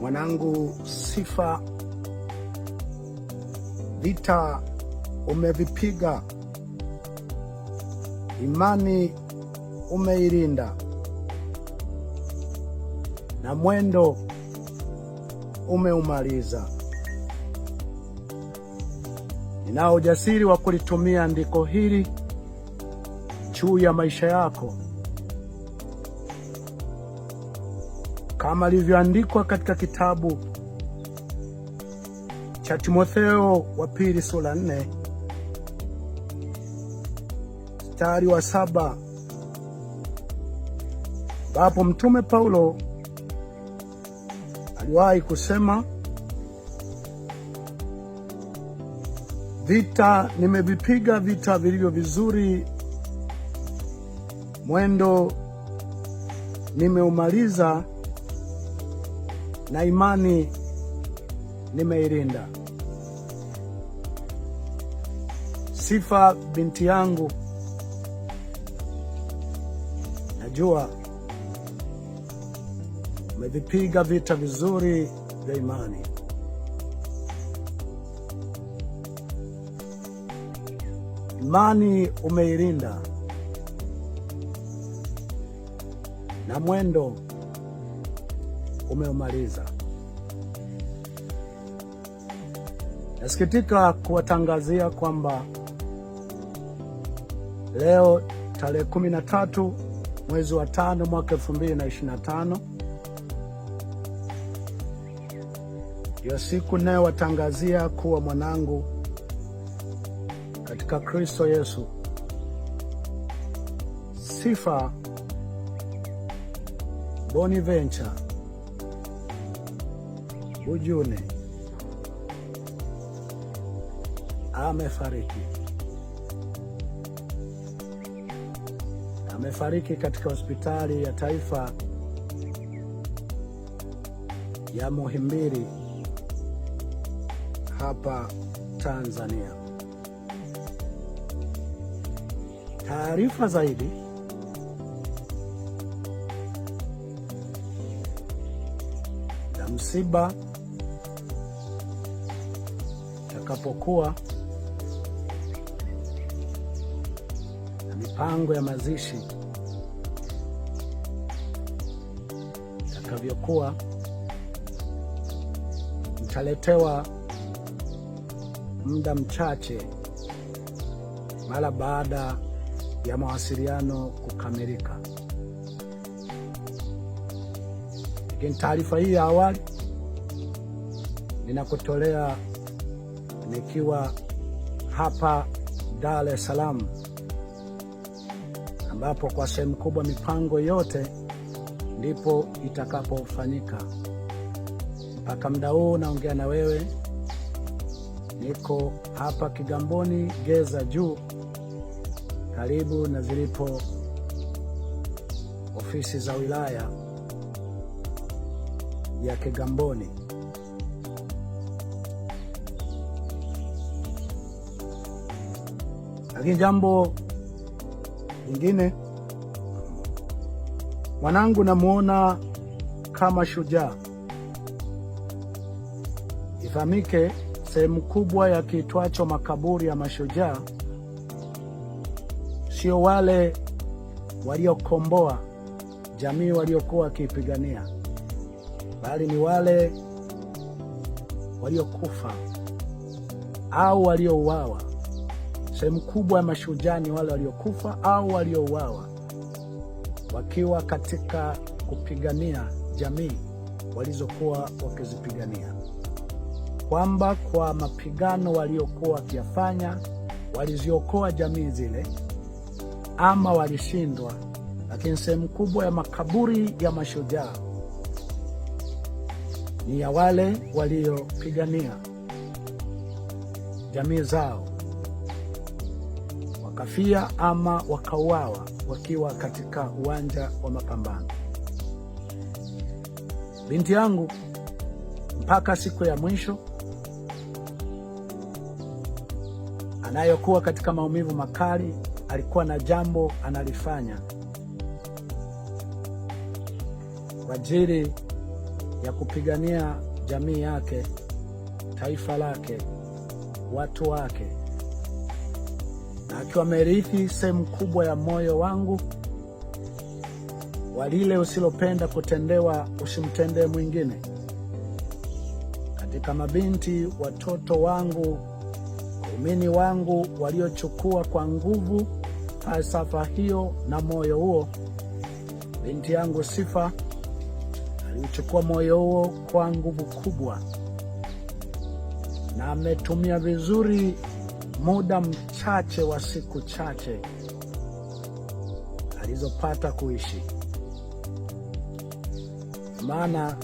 Mwanangu Sifa, vita umevipiga, imani umeilinda, na mwendo umeumaliza. Ninao ujasiri wa kulitumia andiko hili juu ya maisha yako kama ilivyoandikwa katika kitabu cha Timotheo wa pili sura nne mstari wa saba ambapo mtume Paulo aliwahi kusema vita nimevipiga vita vilivyo vizuri, mwendo nimeumaliza, na imani nimeirinda. Sifa binti yangu, najua umevipiga vita vizuri vya imani. Imani umeirinda na mwendo umeumaliza. Nasikitika kuwatangazia kwamba leo tarehe 13 mwezi wa tano mwaka tano ndiyo siku inayowatangazia kuwa mwanangu katika Kristo Yesu. Sifa Bonaventure ujune amefariki, amefariki katika hospitali ya taifa ya Muhimbili hapa Tanzania. Taarifa zaidi za msiba utakapokuwa na mipango ya mazishi itakavyokuwa, mtaletewa muda mchache mara baada ya mawasiliano kukamilika. Lakini taarifa hii ya awali ninakutolea nikiwa hapa Dar es Salaam ambapo kwa sehemu kubwa mipango yote ndipo itakapofanyika. Mpaka muda huu naongea na wewe, niko hapa Kigamboni Geza Juu, karibu na zilipo ofisi za wilaya ya Kigamboni. Lakini jambo lingine, mwanangu namuona kama shujaa. Ifahamike, sehemu kubwa ya kiitwacho makaburi ya mashujaa sio wale waliokomboa jamii waliokuwa wakiipigania, bali ni wale waliokufa au waliouawa Sehemu kubwa ya mashujaa ni wale waliokufa au waliouawa wakiwa katika kupigania jamii walizokuwa wakizipigania, kwamba kwa mapigano waliokuwa wakiyafanya waliziokoa jamii zile ama walishindwa. Lakini sehemu kubwa ya makaburi ya mashujaa ni ya wale waliopigania jamii zao wakafia ama wakauawa wakiwa katika uwanja wa mapambano. Binti yangu mpaka siku ya mwisho anayokuwa katika maumivu makali, alikuwa na jambo analifanya kwa ajili ya kupigania jamii yake, taifa lake, watu wake akiwa amerithi sehemu kubwa ya moyo wangu. Walile usilopenda kutendewa usimtendee mwingine. Katika mabinti, watoto wangu, waumini wangu waliochukua kwa nguvu falsafa hiyo na moyo huo, binti yangu Sifa aliochukua moyo huo kwa nguvu kubwa na ametumia vizuri muda mchache wa siku chache alizopata kuishi. Maana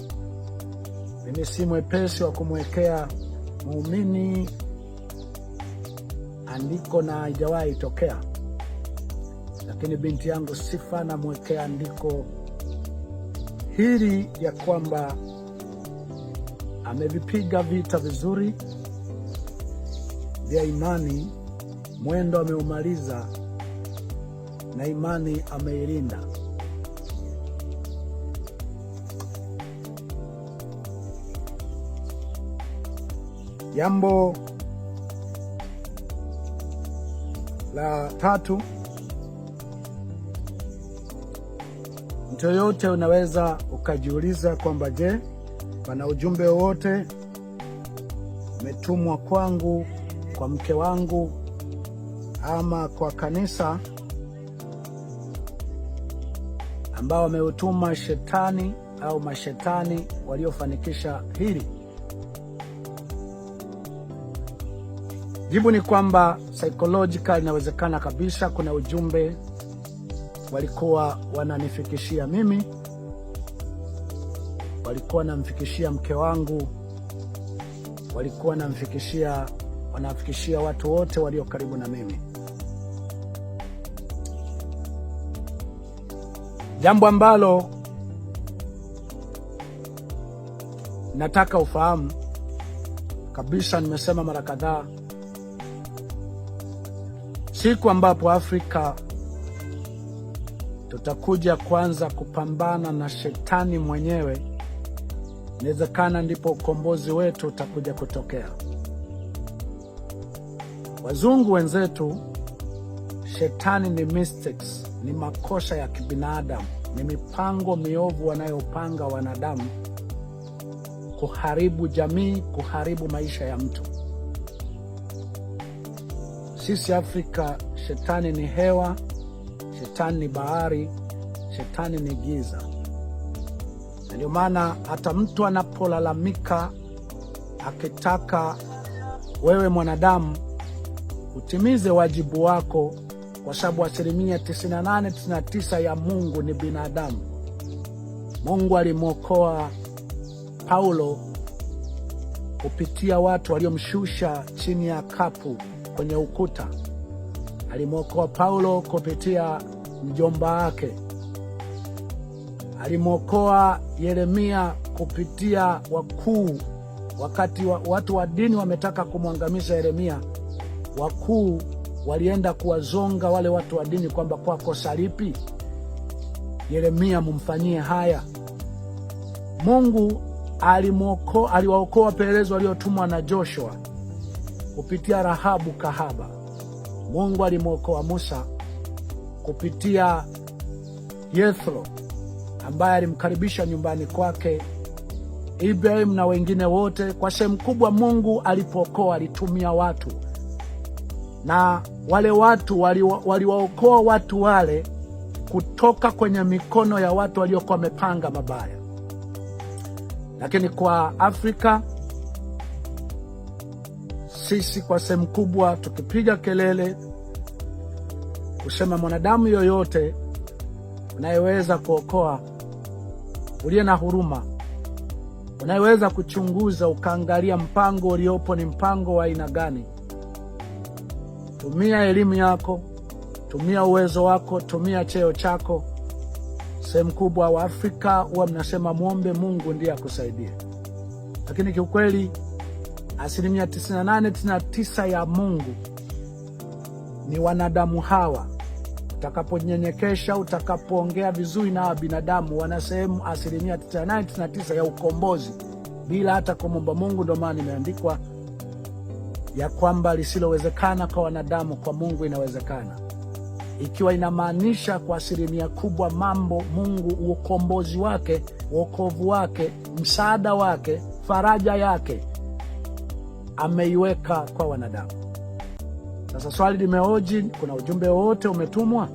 mimi si mwepesi wa kumwekea muumini andiko, na haijawahi tokea, lakini binti yangu Sifa namwekea andiko hili ya kwamba amevipiga vita vizuri vya imani mwendo ameumaliza na imani ameilinda. Jambo la tatu, mtu yoyote unaweza ukajiuliza kwamba je, pana ujumbe wowote umetumwa kwangu kwa mke wangu ama kwa kanisa ambao wameutuma shetani au mashetani waliofanikisha hili? Jibu ni kwamba psychological, inawezekana kabisa kuna ujumbe walikuwa wananifikishia mimi, walikuwa wanamfikishia mke wangu, walikuwa wanamfikishia wanawafikishia watu wote walio karibu na mimi. Jambo ambalo nataka ufahamu kabisa, nimesema mara kadhaa, siku ambapo Afrika tutakuja kwanza kupambana na shetani mwenyewe, inawezekana ndipo ukombozi wetu utakuja kutokea. Wazungu wenzetu, shetani ni mistakes, ni makosa ya kibinadamu, ni mipango miovu wanayopanga wanadamu kuharibu jamii, kuharibu maisha ya mtu. Sisi Afrika, shetani ni hewa, shetani ni bahari, shetani ni giza. Na ndio maana hata mtu anapolalamika akitaka wewe mwanadamu utimize wajibu wako, kwa sababu asilimia 98 99 ya Mungu ni binadamu. Mungu alimwokoa Paulo kupitia watu waliomshusha chini ya kapu kwenye ukuta. Alimwokoa Paulo kupitia mjomba wake. Alimwokoa Yeremia kupitia wakuu, wakati wa, watu wa dini wametaka kumwangamiza Yeremia wakuu walienda kuwazonga wale watu wa dini kwamba kwa kosa lipi Yeremia mumfanyie haya? Mungu aliwaokoa wapelelezi waliotumwa na Joshua kupitia Rahabu kahaba. Mungu alimwokoa Musa kupitia Yethro ambaye alimkaribisha nyumbani kwake Ibrahimu na wengine wote. Kwa sehemu kubwa, Mungu alipokoa alitumia watu na wale watu waliwaokoa wali watu wale kutoka kwenye mikono ya watu waliokuwa wamepanga mabaya. Lakini kwa Afrika sisi kwa sehemu kubwa tukipiga kelele kusema mwanadamu yoyote unayeweza kuokoa, uliye na huruma, unayeweza kuchunguza ukaangalia mpango uliopo ni mpango wa aina gani Tumia elimu yako, tumia uwezo wako, tumia cheo chako. Sehemu kubwa wa Afrika huwa mnasema mwombe Mungu ndiye akusaidie, lakini kiukweli asilimia 98 99 ya Mungu ni wanadamu hawa. Utakaponyenyekesha, utakapoongea vizuri na binadamu, wana sehemu asilimia 98 99 ya ukombozi bila hata kumwomba Mungu. Ndio maana imeandikwa ya kwamba lisilowezekana kwa wanadamu kwa Mungu inawezekana, ikiwa inamaanisha kwa asilimia kubwa mambo Mungu, ukombozi wake, wokovu wake, msaada wake, faraja yake ameiweka kwa wanadamu. Sasa swali limeoji, kuna ujumbe wowote umetumwa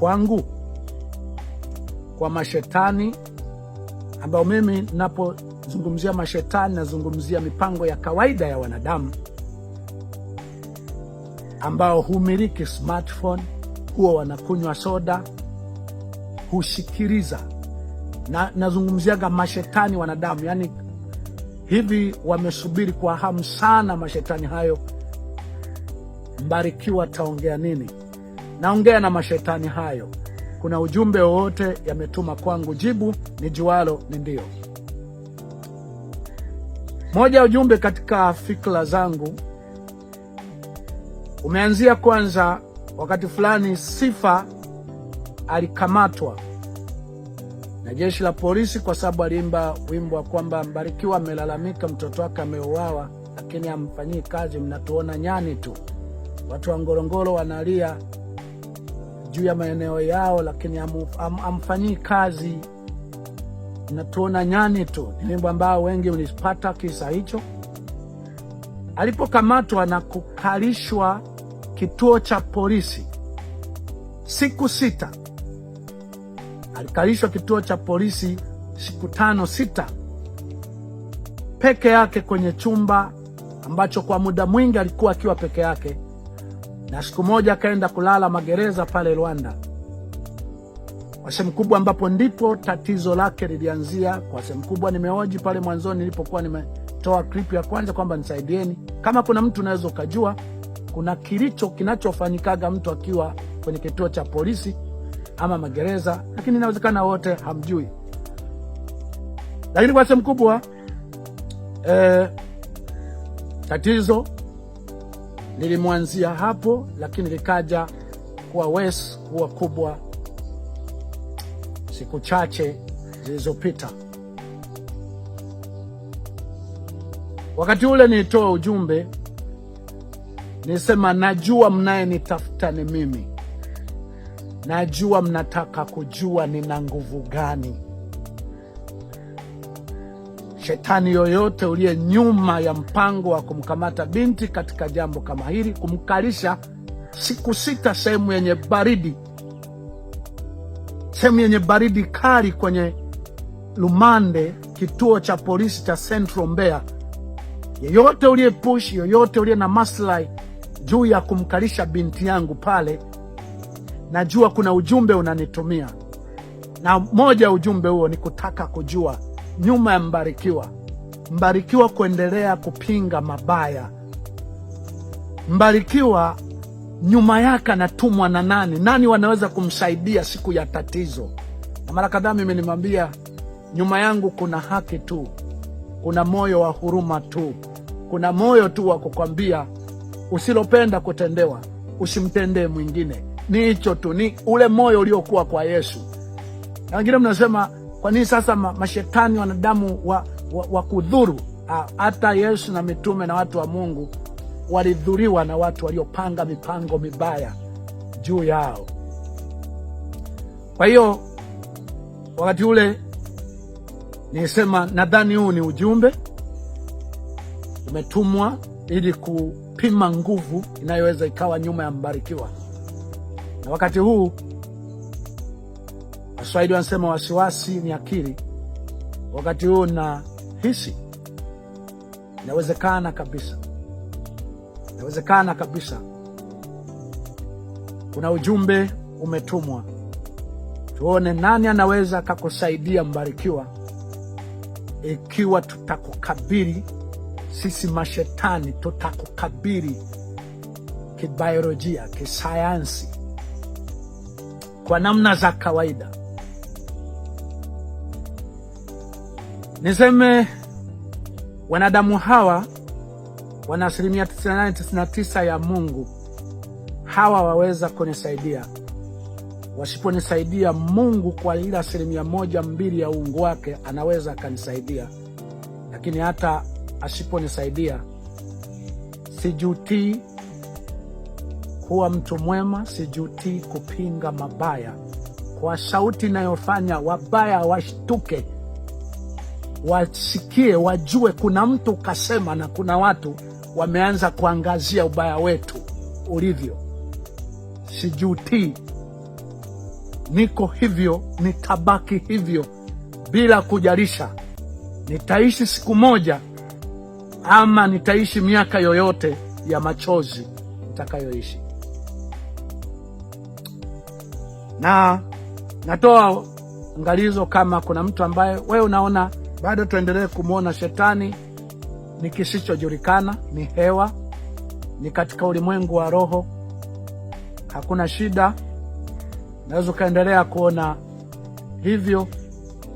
kwangu kwa mashetani ambao mimi napo nazungumzia mashetani, nazungumzia mipango ya kawaida ya wanadamu ambao humiliki smartphone, huwa wanakunywa soda, husikiliza. Na nazungumziaga mashetani wanadamu, yaani hivi wamesubiri kwa hamu sana mashetani hayo. Mbarikiwa taongea nini? Naongea na mashetani hayo. Kuna ujumbe wowote yametuma kwangu, jibu ni juwalo ni ndio. Moja ya ujumbe katika fikra zangu umeanzia kwanza, wakati fulani Sifa alikamatwa na jeshi la polisi kwa sababu aliimba wimbo wa kwamba Mbarikiwa amelalamika, mtoto wake ameuawa, lakini amfanyii kazi, mnatuona nyani tu. Watu wa Ngorongoro wanalia juu ya maeneo yao, lakini amfanyii kazi natuona nyani tu, ni wimbo ambao wengi ulipata kisa hicho. Alipokamatwa na kukalishwa kituo cha polisi siku sita, alikalishwa kituo cha polisi siku tano sita peke yake kwenye chumba ambacho kwa muda mwingi alikuwa akiwa peke yake, na siku moja akaenda kulala magereza pale Rwanda kwa sehemu kubwa, ambapo ndipo tatizo lake lilianzia. Kwa sehemu kubwa nimeoji pale mwanzoni nilipokuwa nimetoa klipu ya kwanza kwamba nisaidieni, kama kuna mtu unaweza ukajua kuna kilicho kinachofanyikaga mtu akiwa kwenye kituo cha polisi ama magereza, lakini inawezekana wote hamjui. Lakini kwa sehemu kubwa eh, tatizo lilimwanzia hapo, lakini likaja kuwa wes kuwa kubwa siku chache zilizopita. Wakati ule nilitoa ujumbe, nilisema najua mnayenitafuta ni mimi, najua mnataka kujua nina nguvu gani. Shetani yoyote uliye nyuma ya mpango wa kumkamata binti katika jambo kama hili, kumkalisha siku sita sehemu yenye baridi sehemu yenye baridi kali kwenye Lumande, kituo cha polisi cha Central Mbeya. Yeyote uliye push, yoyote uliye na maslahi juu ya kumkalisha binti yangu pale, najua kuna ujumbe unanitumia, na moja ya ujumbe huo ni kutaka kujua nyuma ya Mbarikiwa, Mbarikiwa kuendelea kupinga mabaya, Mbarikiwa nyuma yake anatumwa na nani? Nani wanaweza kumsaidia siku ya tatizo? Na mara kadhaa mimi nimwambia, nyuma yangu kuna haki tu, kuna moyo wa huruma tu, kuna moyo tu wa kukwambia usilopenda kutendewa usimtendee mwingine. Ni hicho tu, ni ule moyo uliokuwa kwa Yesu. Na wengine mnasema kwa nini sasa mashetani wanadamu wa, wa, wa kudhuru? Ah, hata Yesu na mitume na watu wa Mungu walidhuriwa na watu waliopanga mipango mibaya juu yao. Kwa hiyo wakati ule nisema, nadhani huu ni ujumbe umetumwa ili kupima nguvu inayoweza ikawa nyuma ya Mbarikiwa. Na wakati huu Waswahili wanasema wasiwasi ni akili. Wakati huu na hisi inawezekana kabisa Inawezekana kabisa kuna ujumbe umetumwa, tuone nani anaweza akakusaidia Mbarikiwa, ikiwa tutakukabiri sisi mashetani, tutakukabiri kibiolojia, kisayansi, kwa namna za kawaida. Niseme wanadamu hawa wana asilimia 98.99 ya Mungu. Hawa waweza kunisaidia. Wasiponisaidia, Mungu kwa ile asilimia moja mbili ya uungu wake anaweza akanisaidia, lakini hata asiponisaidia, sijutii kuwa mtu mwema, sijutii kupinga mabaya kwa sauti inayofanya wabaya washtuke, wasikie, wajue kuna mtu kasema na kuna watu wameanza kuangazia ubaya wetu ulivyo. Sijutii, niko hivyo, nitabaki hivyo bila kujalisha nitaishi siku moja ama nitaishi miaka yoyote ya machozi nitakayoishi. Na natoa angalizo, kama kuna mtu ambaye wewe unaona bado tuendelee kumwona shetani ni kisichojulikana, ni hewa, ni katika ulimwengu wa roho. Hakuna shida, naweza ukaendelea kuona hivyo,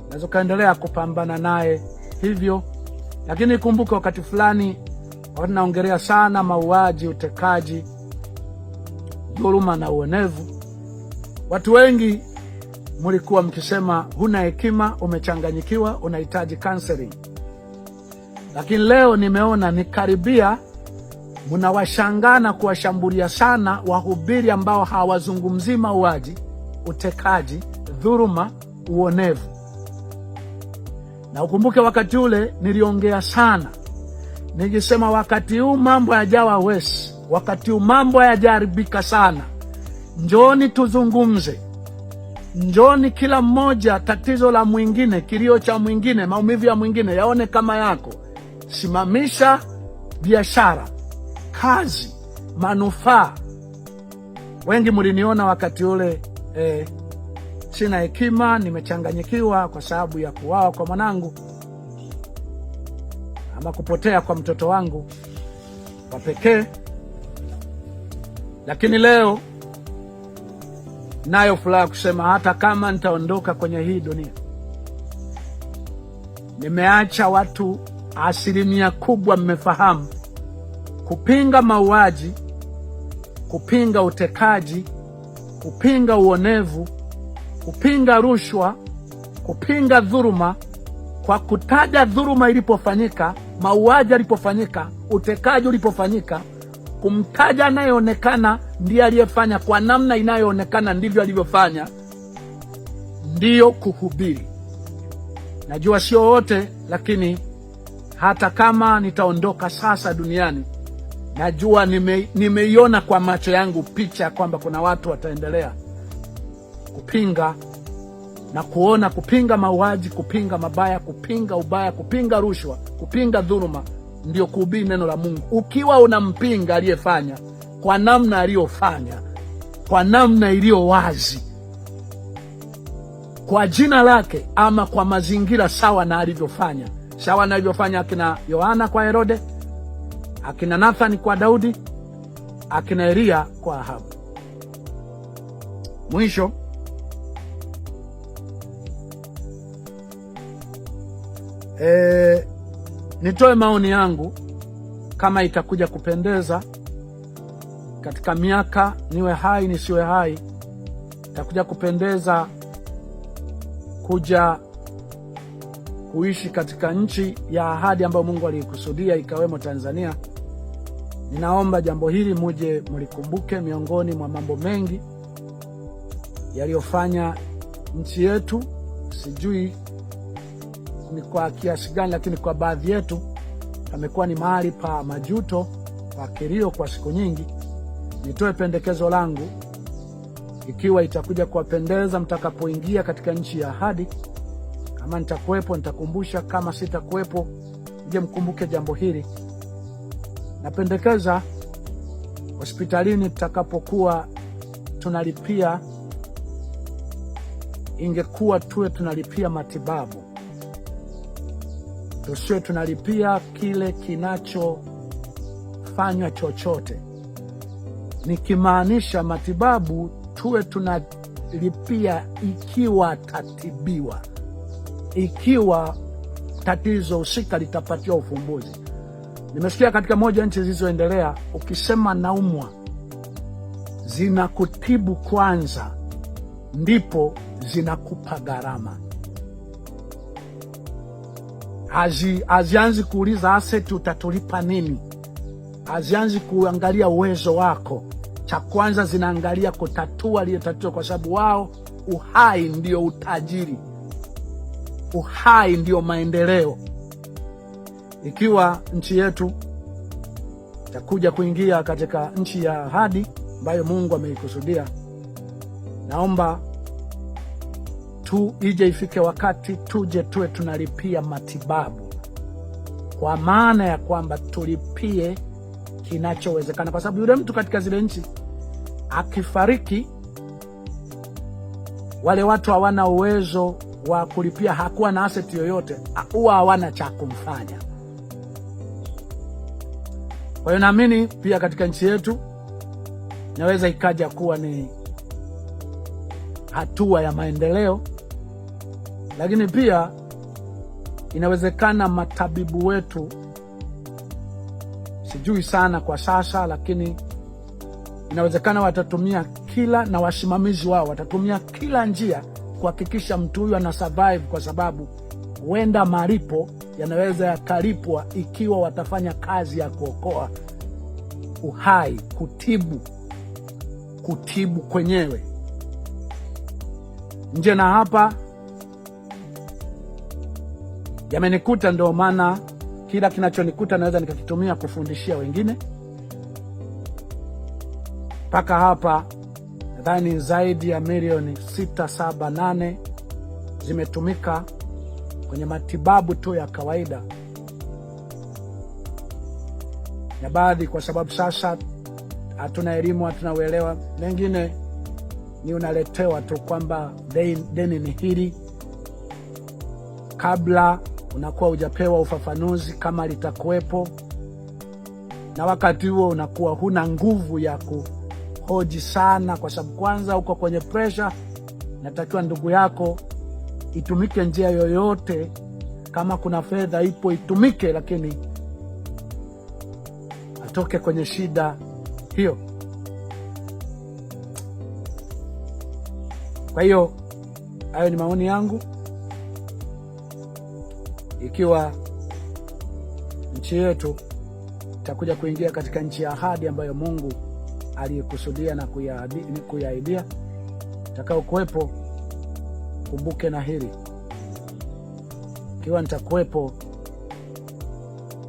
naweza ukaendelea kupambana naye hivyo, lakini kumbuke, wakati fulani, wakati naongelea sana mauaji, utekaji, dhuluma na uonevu, watu wengi mlikuwa mkisema huna hekima, umechanganyikiwa, unahitaji counseling. Lakini leo nimeona nikaribia, mnawashangaa na kuwashambulia sana wahubiri ambao hawazungumzii mauaji, utekaji, dhuruma uonevu. Na ukumbuke wakati ule niliongea sana nikisema, wakati huu mambo yajawa wesi, wakati huu mambo yajaribika sana, njoni tuzungumze Njoni kila mmoja, tatizo la mwingine, kilio cha mwingine, maumivu ya mwingine yaone kama yako simamisha biashara, kazi, manufaa. Wengi mliniona wakati ule eh, sina hekima, nimechanganyikiwa kwa sababu ya kuwawa kwa mwanangu ama kupotea kwa mtoto wangu wa pekee, lakini leo nayo furaha kusema hata kama nitaondoka kwenye hii dunia, nimeacha watu asilimia kubwa mmefahamu kupinga mauaji, kupinga utekaji, kupinga uonevu, kupinga rushwa, kupinga dhuruma kwa kutaja dhuruma ilipofanyika, mauaji alipofanyika utekaji ulipofanyika, kumtaja anayeonekana ndiye aliyefanya kwa namna inayoonekana ndivyo alivyofanya, ndiyo kuhubiri. Najua sio wote, lakini hata kama nitaondoka sasa duniani, najua nimeiona nime kwa macho yangu picha ya kwamba kuna watu wataendelea kupinga na kuona kupinga mauaji, kupinga mabaya, kupinga ubaya, kupinga rushwa, kupinga dhuluma, ndio kuhubiri neno la Mungu. Ukiwa unampinga aliyefanya kwa namna aliyofanya, kwa namna iliyo wazi, kwa jina lake ama kwa mazingira sawa na alivyofanya sawa anavyofanya akina Yohana kwa Herode, akina Nathani kwa Daudi, akina Eliya kwa Ahabu. Mwisho e, nitoe maoni yangu kama itakuja kupendeza katika miaka, niwe hai nisiwe hai, itakuja kupendeza kuja kuishi katika nchi ya ahadi ambayo Mungu aliikusudia ikawemo Tanzania. Ninaomba jambo hili muje mlikumbuke miongoni mwa mambo mengi yaliyofanya nchi yetu, sijui ni kwa kiasi gani, lakini kwa baadhi yetu pamekuwa ni mahali pa majuto, pa kilio kwa siku nyingi. Nitoe pendekezo langu, ikiwa itakuja kuwapendeza mtakapoingia katika nchi ya ahadi kama nitakuwepo nitakumbusha, kama sitakuwepo je, mkumbuke jambo hili. Napendekeza hospitalini tutakapokuwa tunalipia, ingekuwa tuwe tunalipia matibabu, tusiwe tunalipia kile kinachofanywa chochote, nikimaanisha matibabu tuwe tunalipia ikiwa tatibiwa ikiwa tatizo husika litapatiwa ufumbuzi. Nimesikia katika moja nchi zilizoendelea, ukisema naumwa, zinakutibu kwanza, ndipo zinakupa gharama. Hazianzi kuuliza aseti utatulipa nini, hazianzi kuangalia uwezo wako. Cha kwanza zinaangalia kutatua lile tatizo, kwa sababu wao uhai ndio utajiri uhai ndio maendeleo. Ikiwa nchi yetu itakuja kuingia katika nchi ya ahadi ambayo Mungu ameikusudia, naomba tu ije ifike wakati tuje tuwe tunalipia matibabu, kwa maana ya kwamba tulipie kinachowezekana, kwa sababu yule mtu katika zile nchi akifariki, wale watu hawana uwezo wa kulipia hakuwa na asset yoyote, huwa hawana cha kumfanya. Kwa hiyo naamini pia katika nchi yetu inaweza ikaja kuwa ni hatua ya maendeleo, lakini pia inawezekana matabibu wetu, sijui sana kwa sasa, lakini inawezekana watatumia kila na wasimamizi wao watatumia kila njia kuhakikisha mtu huyu ana survive, kwa sababu huenda malipo yanaweza yakalipwa ikiwa watafanya kazi ya kuokoa uhai, kutibu, kutibu kwenyewe nje na hapa yamenikuta. Ndio maana kila kinachonikuta naweza nikakitumia kufundishia wengine. Mpaka hapa nadhani zaidi ya milioni 678 zimetumika kwenye matibabu tu ya kawaida ya baadhi, kwa sababu sasa hatuna elimu, hatuna uelewa. Mengine ni unaletewa tu kwamba deni ni hili, kabla unakuwa hujapewa ufafanuzi kama litakuwepo, na wakati huo unakuwa huna nguvu ya ku hoji sana, kwa sababu kwanza uko kwenye presha. Natakiwa ndugu yako, itumike njia yoyote, kama kuna fedha ipo itumike, lakini atoke kwenye shida hiyo. Kwa hiyo hayo ni maoni yangu. Ikiwa nchi yetu itakuja kuingia katika nchi ya ahadi ambayo Mungu aliyekusudia na kuyaahidia takaokuwepo. Kumbuke na hili ikiwa nitakuwepo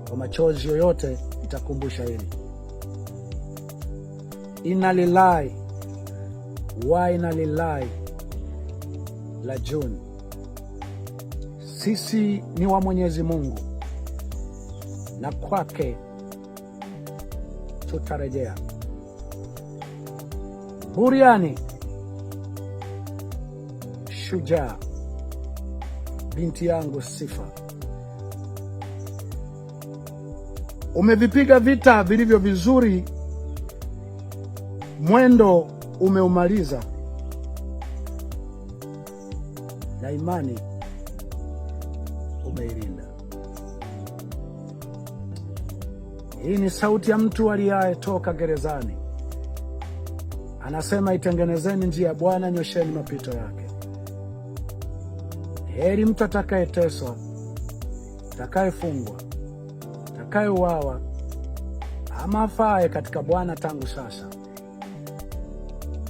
kwa machozi yoyote, nitakumbusha hili. Inna lillahi wa inna ilaihi rajiun. Sisi ni wa Mwenyezi Mungu na kwake tutarejea. Buriani, shujaa, binti yangu Sifa, umevipiga vita vilivyo vizuri, mwendo umeumaliza, na imani umeilinda. Hii ni sauti ya mtu aliyetoka gerezani. Anasema, itengenezeni njia ya Bwana, nyosheni mapito yake. Heri mtu atakayeteswa, atakayefungwa, atakayeuawa ama afaye katika Bwana tangu sasa,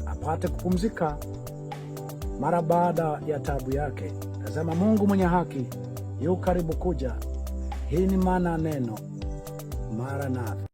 apate kupumzika mara baada ya taabu yake. Tazama, Mungu mwenye haki yu karibu kuja. Hii ni maana neno neno Maranatha.